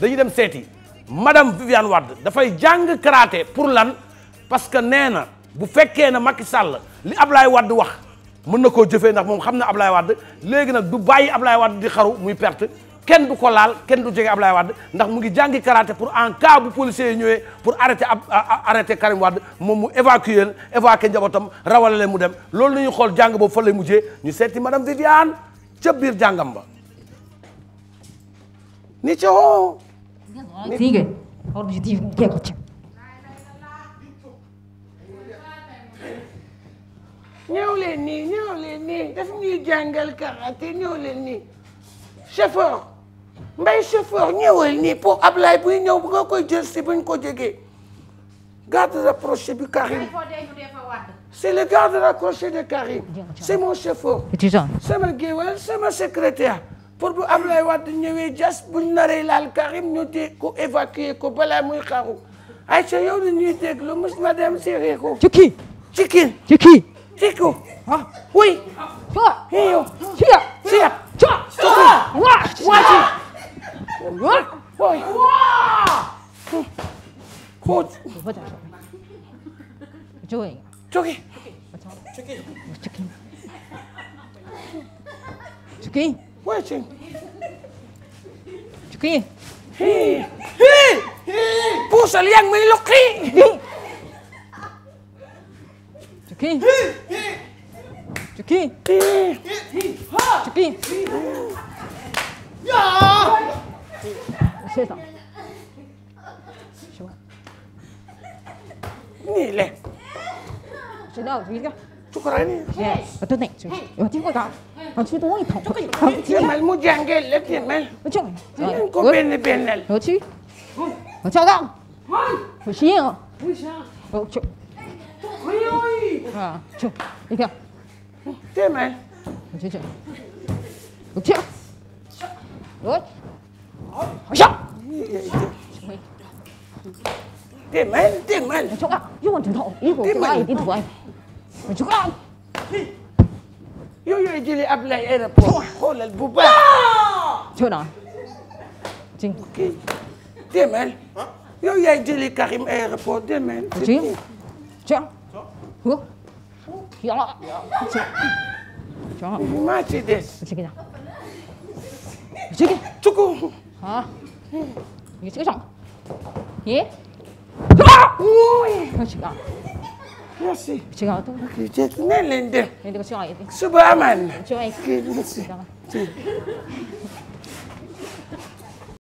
dañu dem seeti madame Viviane wadd dafay jàng karaté pour lan parce que nee na bu fekkee ne Macky Sall li lay wadd wax mën na koo jëfee ndax moom xam na Ablaye wadd léegi nag du bàyyi Ablaye Wade di xaru muy perte kenn du ko laal kenn du jege Ablaye Wade ndax mu ngi jàngi karaté pour en cas bu policier yi ñëwee pour arrêter ab arrêter Karim Wade moom mu évacuer leen évacuer njabootam rawale leen mu dem loolu la ñu xool jàng boobu fa lay mujjee ñu seeti madame Viviane ca biir jàngam ba ठीक है और जीती क्या कुछ ñëw leen nii ñëw leen nii daf ñuy jàngal karaté ñëw leen nii chauffeur mbay chauffeur ñëwal nii pour Ablaye buy ñëw bu koy jël buñ ko jógee garde rapproché bi Karim c'est le garde rapproché de Karim c'est mon chauffeur sama géwal sama secrétaire pour bu am Wade ñëwee jas buñ naree laal Karim ñu téye ko évacuer ko balaa muy xaru Aïcha na dem ko. ci kii ci kii. ci kii ci ko. ah oui. ah yow. ci ci ya. ca ca waa waa waa. waa. Очень. Чуки. Хи. Хи. Пуша лияк мы лукри. Чуки. Чуки. Чуки. Я. Все там. Чего? Не ле. Сюда, видишь? शुक्राने तो नहीं ठीक होगा अच्छी तो वही था अच्छी मल मुझे अंगे लेती है मैं अच्छा इनको पहनने पहनने अच्छी अच्छा का खुशी है अच्छा खुशी हुई हाँ अच्छा ठीक है ते मैं अच्छा अच्छा अच्छा अच्छा ते मैं ते मैं अच्छा का 用枕头，一会儿给阿姨地图哎。ma ci ko am. yooyu yooyu jëlee Ablaye aéroport xoolal bu baax. coono. Ah! ci demel. yooyu yaay jëlee Karim aéroport demel. ci ci. wó. yàlla. maa ci des. jigéen ña. jigéen. tukku. ah. Hmm. yéen. ah. merci. ci kaw tuuti kii ceeb ki nan leen def. suba amaan na.